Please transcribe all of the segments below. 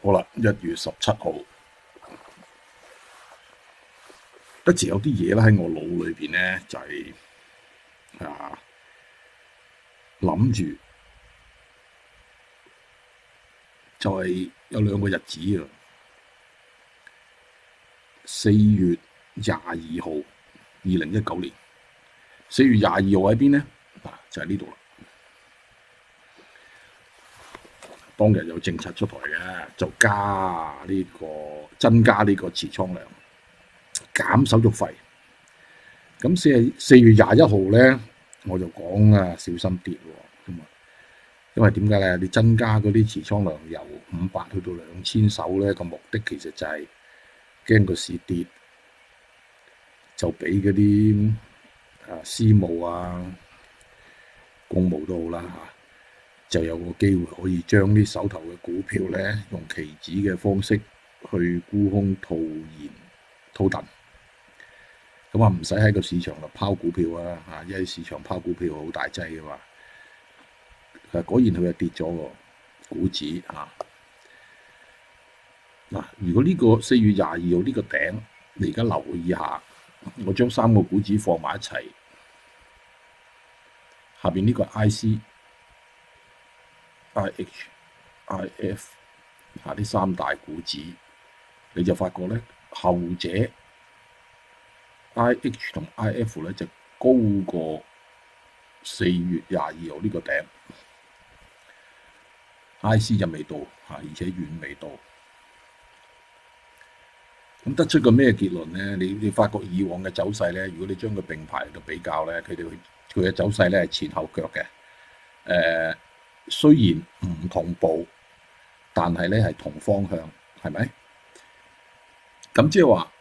好啦，一月十七號，一直有啲嘢喺我腦裏邊呢，就係啊諗住，就係有兩個日子啊，四月廿二號，二零一九年，四月廿二號喺邊呢？啊、就係，就呢度啦。當日有政策出台嘅，就加呢、這個增加呢個持倉量，減手續費。咁四月四月廿一號咧，我就講啊，小心跌喎、哦，因為點解咧？你增加嗰啲持倉量由五百去到兩千手咧，個目的其實就係驚個市跌，就俾嗰啲私募啊、公募都好啦、啊、嚇。就有個機會可以將啲手頭嘅股票咧，用期指嘅方式去沽空套現套戥。咁啊，唔使喺個市場度拋股票啊，因為市場拋股票好大劑嘅嘛。啊，果然佢又跌咗個股指嚇。嗱，如果呢個四月廿二號呢個頂，你而家留意下，我將三個股指放埋一齊。下邊呢個 IC。IH、IF 啊，呢三大股指，你就發覺咧，後者 IH 同 IF 咧就高過四月廿二號呢個頂，IC 就未到，嚇、uh,，而且遠未到。咁、嗯、得出個咩結論咧？你你發覺以往嘅走勢咧，如果你將佢並排嚟到比較咧，佢哋佢嘅走勢咧係前後腳嘅，誒、uh,。雖然唔同步，但係咧係同方向，係咪？咁即係話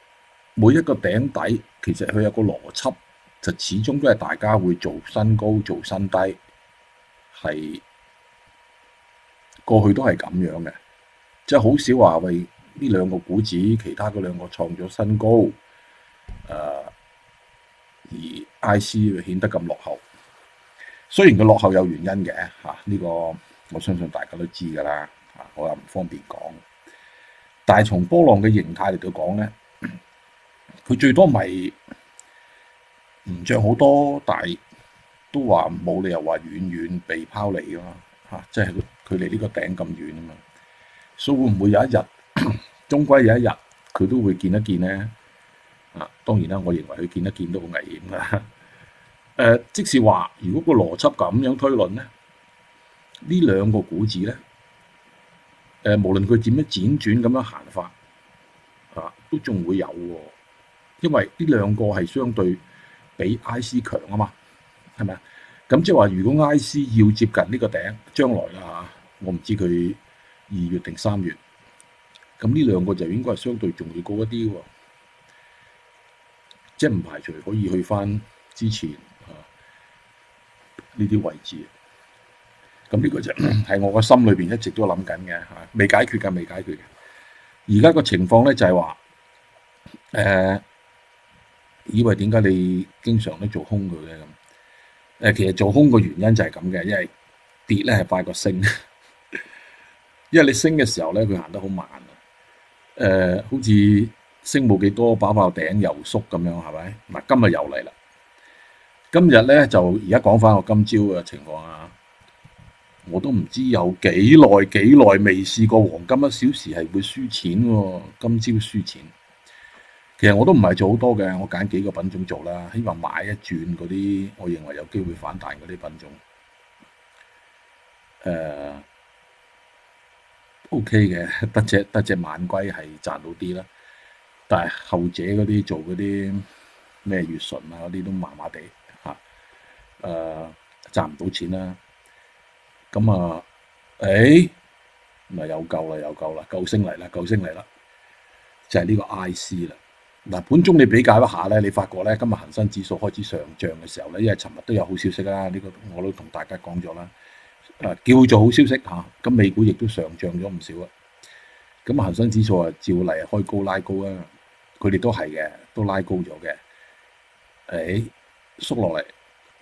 每一個頂底，其實佢有個邏輯，就始終都係大家會做新高、做新低，係過去都係咁樣嘅，即係好少話為呢兩個股指，其他嗰兩個創咗新高，誒、呃、而 IC 顯得咁落後。雖然佢落後有原因嘅嚇，呢、啊這個我相信大家都知噶啦嚇，我又唔方便講。但係從波浪嘅形態嚟到講咧，佢最多咪唔漲好多，但係都話冇理由話遠遠被拋離啊嘛嚇，即係佢距離呢個頂咁遠啊嘛，所以會唔會有一日，終歸 有一日佢都會見一見咧啊！當然啦、啊，我認為佢見一見都好危險啦、啊。誒、呃，即使話，如果個邏輯咁樣推論咧，呢兩個股指咧，誒、呃，無論佢點樣輾轉咁樣行法，啊，都仲會有喎、啊，因為呢兩個係相對比 I C 強啊嘛，係咪啊？咁即係話，如果 I C 要接近呢個頂，將來啦、啊、嚇，我唔知佢二月定三月，咁呢兩個就應該係相對仲會高一啲喎、啊，即係唔排除可以去翻之前。呢啲位置，咁呢個就係、是、 我個心裏邊一直都諗緊嘅，嚇未解決嘅，未解決嘅。而家個情況咧就係話，誒、呃，以為點解你經常都做空佢咧？誒、呃，其實做空個原因就係咁嘅，因為跌咧係快過升， 因為你升嘅時候咧，佢行得好慢啊，誒、呃，好似升冇幾多，爆爆頂、又縮咁樣，係咪？嗱，今日又嚟啦。今日咧就而家講返我今朝嘅情況啊！我都唔知有幾耐幾耐未試過黃金一小時係會輸錢喎，今朝輸錢。其實我都唔係做好多嘅，我揀幾個品種做啦，希望買一轉嗰啲，我認為有機會反彈嗰啲品種。誒，呃，OK 嘅，得隻得隻晚歸係賺到啲啦，但係後者嗰啲做嗰啲咩月順啊嗰啲都麻麻地。誒、呃、賺唔到錢啦，咁啊，誒咪有救啦，有救啦，救星嚟啦，救星嚟啦，就係、是、呢個 I C 啦。嗱、呃，本鐘你比較一下咧，你發覺咧今日恒生指數開始上漲嘅時候咧，因為尋日都有好消息啦，呢、這個我都同大家講咗啦。誒、呃、叫做好消息吓。咁、啊、美股亦都上漲咗唔少啊。咁、嗯、恒生指數啊，照例開高拉高啊，佢哋都係嘅，都拉高咗嘅。誒、哎、縮落嚟。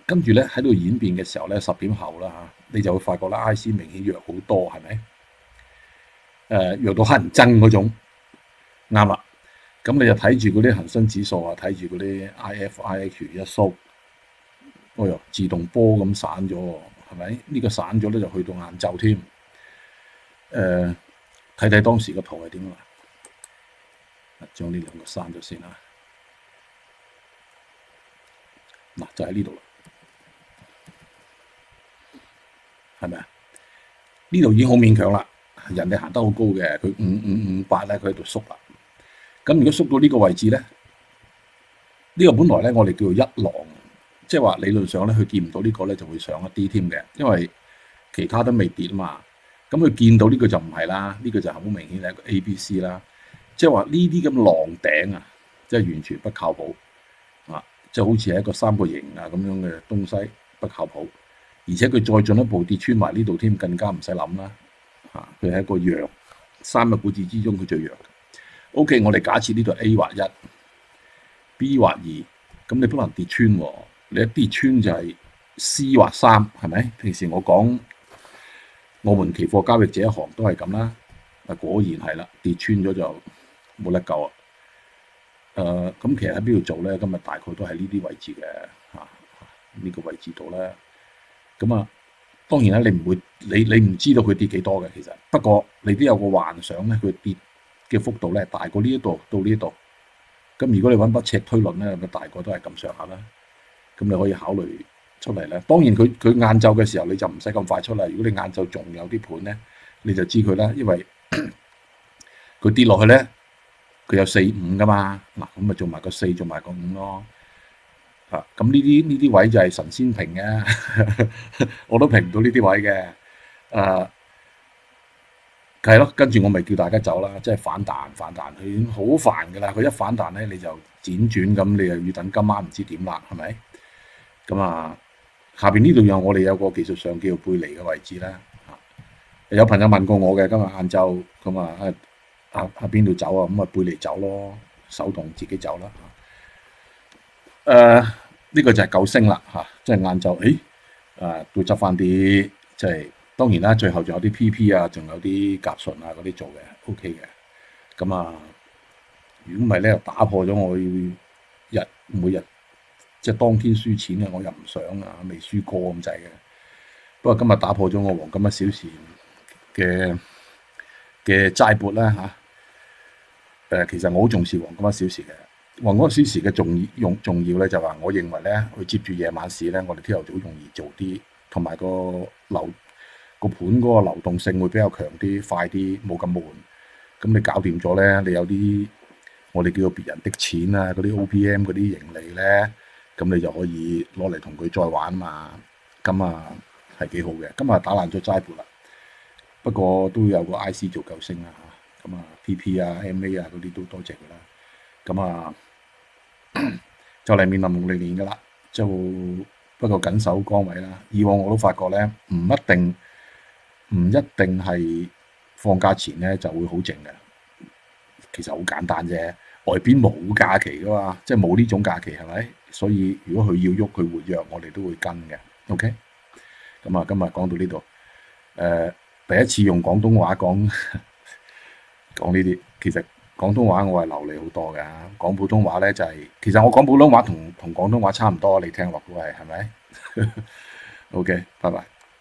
跟住咧喺度演變嘅時候咧，十點後啦嚇，你就會發覺咧，I C 明顯弱好多，係咪？誒、呃，弱到乞人憎嗰種，啱啦。咁你就睇住嗰啲恒生指數啊，睇住嗰啲 I F I H 一收，哎呀，自動波咁散咗，係咪？呢、這個散咗咧就去到晏晝添。誒、呃，睇睇當時圖個圖係點啊？將呢兩個刪咗先啦。嗱，就喺呢度啦。係咪啊？呢度已經好勉強啦，人哋行得好高嘅，佢五五五八咧，佢喺度縮啦。咁如果縮到呢個位置咧，呢個本來咧我哋叫做一浪，即係話理論上咧佢見唔到呢個咧就會上一啲添嘅，因為其他都未跌嘛。咁佢見到呢個就唔係啦，呢個就好明顯係一個 A、B、C 啦。即係話呢啲咁浪頂啊，即係完全不靠譜啊，即係好似係一個三角形啊咁樣嘅東西，不靠譜。而且佢再進一步跌穿埋呢度添，更加唔使諗啦。嚇，佢係一個弱三個股指之中，佢最弱 OK，我哋假設呢度 A 或一 B 或二，咁你不能跌穿喎、哦。你一跌穿就係 C 或三，係咪？平時我講我們期貨交易這一行都係咁啦。啊，果然係啦，跌穿咗就冇得救啊。誒，咁其實喺邊度做咧？今日大概都喺呢啲位置嘅嚇，呢個位置度咧。咁啊，當然啦，你唔會，你你唔知道佢跌幾多嘅其實，不過你都有個幻想咧，佢跌嘅幅度咧大過呢一度到呢一度，咁如果你揾筆赤推論咧，咁大概都係咁上下啦，咁你可以考慮出嚟咧。當然佢佢晏晝嘅時候你就唔使咁快出嚟，如果你晏晝仲有啲盤咧，你就知佢啦，因為佢 跌落去咧，佢有四五㗎嘛，嗱咁咪做埋個四，做埋個五咯。嚇！咁呢啲呢啲位就係神仙平嘅，我都平唔到呢啲位嘅。誒、啊，係、就、咯、是，跟住我咪叫大家走啦，即係反彈反彈佢已經好煩㗎啦。佢一反彈咧，你就輾轉咁，你又要等今晚唔知點啦，係咪？咁、嗯、啊，下邊呢度有我哋有個技術上叫背離嘅位置啦、啊。有朋友問過我嘅，今日晏晝咁啊，啊啊邊度走啊？咁、嗯、啊，背離走咯，手動自己走啦。誒，呢、uh, 個就係救星啦吓、啊，即係晏晝，誒、哎，誒、啊，都執翻啲，即、就、係、是、當然啦，最後仲有啲 PP 啊，仲有啲甲醇啊嗰啲做嘅，OK 嘅。咁啊，如果唔係咧，又、OK 啊、打破咗我日每日即係當天輸錢嘅，我又唔想啊，未輸過咁滯嘅。不過今日打破咗我黃金一小時嘅嘅齋撥啦吓，誒、啊啊呃，其實我好重視黃金一小時嘅。黃安時時嘅重要，重重要咧就話，我認為咧，佢接住夜晚市咧，我哋朝頭早容易做啲，同埋個流個盤嗰個流動性會比較強啲，快啲，冇咁悶。咁你搞掂咗咧，你有啲我哋叫做別人的錢啊，嗰啲 OPM 嗰啲盈利咧，咁你就可以攞嚟同佢再玩嘛。咁啊，係幾好嘅。咁啊，打爛咗齋盤啦，不過都有個 IC 做救星啦嚇。咁啊，PP 啊，MA 啊嗰啲都多謝佢啦。咁啊～ 就嚟面臨農曆年噶啦，就不過緊守崗位啦。以往我都發覺咧，唔一定，唔一定係放假前咧就會好靜嘅。其實好簡單啫，外邊冇假期噶嘛，即係冇呢種假期係咪？所以如果佢要喐佢活躍，我哋都會跟嘅。OK，咁啊，今日講到呢度，誒，第一次用廣東話講講呢啲，其實。廣東話我係流利好多㗎，講普通話呢，就係，其實我講普通話同同廣東話差唔多，你聽落都係係咪？OK，拜拜。